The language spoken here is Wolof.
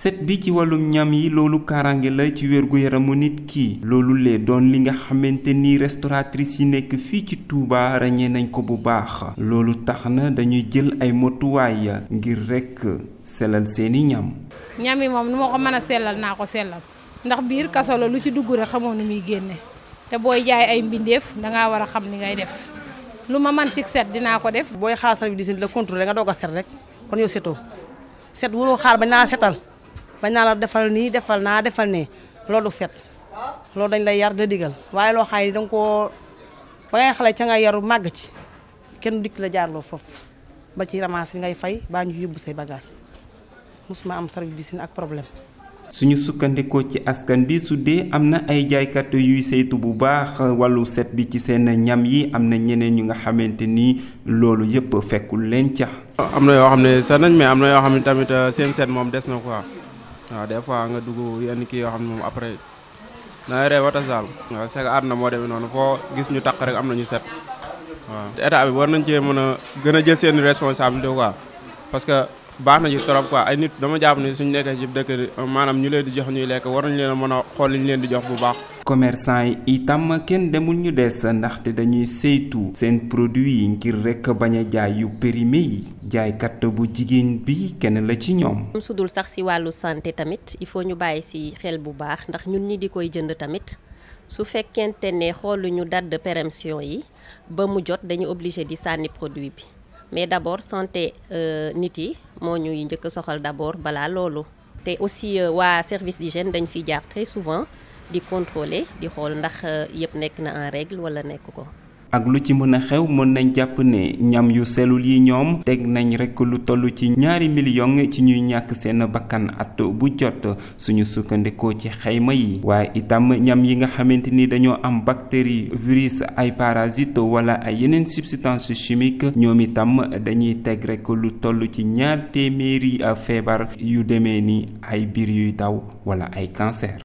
set bi ci wàllum ñam yi loolu kaaraange la ci wérgu yaramu nit kii loolu lee doon li nga xamante ni restauratrice yi nekk fii ci Touba ràññee nañ ko bu baax loolu tax na dañuy jël ay ya ngir rekk selal seeni ñam. ñam yi moom nu ma ko mën a sellal naa ko sellal ndax biir kaso la lu ci dugg rek xamoo nu muy génne te booy jaay ay mbindeef dangaa war a xam ni ngay def. lu ma man ci set dinaa ko def. booy xaar service d'hygiène la contrôler nga doog a set rek bañ naa la defal nii defal naa defal ne loolu set loolu dañ lay yar da digal waaye loo xam ne danga koo ba ngay xale ca nga yaru màgg ci kenn dikk la jaarloo foofu ba ci ramas yi ngay fay baa ñu yóbbu say bagage mosuma am service d'hygiène ak problème. suñu sukkandikoo ci askan bi su dee am na ay jaaykat yuy saytu bu baax wallu set bi ci seen ñam yi am na ñeneen ñu nga xamante ni loolu yëpp fekkul leen ca. am na yoo xam ne set nañ mais am na yoo xam ne tamit euh, seen set moom des na quoi. waaw des fois nga dugg yenn kii yoo xam ne moom après na ree wata saal waaw c'est que àdduna moo demee noonu foo gis ñu taq rek am na ñu set waaw te état bi war nañ cee mën a gën a jël seen responsabilité quoi parce que baax na ci trop quoi ay nit dama jàpp ne suñu nekkee ci dëkk maanaam ñu leen di jox ñuy lekk war nañ leen a mën a xool li ñu leen di jox bu baax commerçant yi itam kenn demul ñu des ndaxte dañuy saytu seen produit yi ngir rekk bañ a jaay yu périmé yi jaaykat bu jigéen bi kenn la ci ñoom. su dul sax ci wàllu santé tamit il faut ñu bàyyi ci xel bu baax ndax ñun ñi di koy jënd tamit. su fekkente ne xooluñu date de péremption yi ba mu jot dañu obligé di sànni produit bi mais d'abord santé euh, nit yi moo ñuy njëkk soxal d'abord balaa loolu. te aussi euh, waa service d'hygiène dañ fiy jaar très souvent di contrôler di xool ndax euh, yëpp nekk na en règle wala nekk ko. ak lu ci mën a xew mën nañ jàpp ne ñam yu selul yi ñoom teg nañ rekk lu toll ci ñaari million ci ñuy ñàkk seen bakkan at bu jot suñu sukkandikoo ci xayma yi waaye itam ñam yi nga xamante ni dañoo am bactérie virus ay parasite wala ay yeneen substance chimique ñoom itam dañuy teg rekk lu toll ci ñaar téeméeri euh, feebar yu demee ni ay biir yuy daw wala ay cancer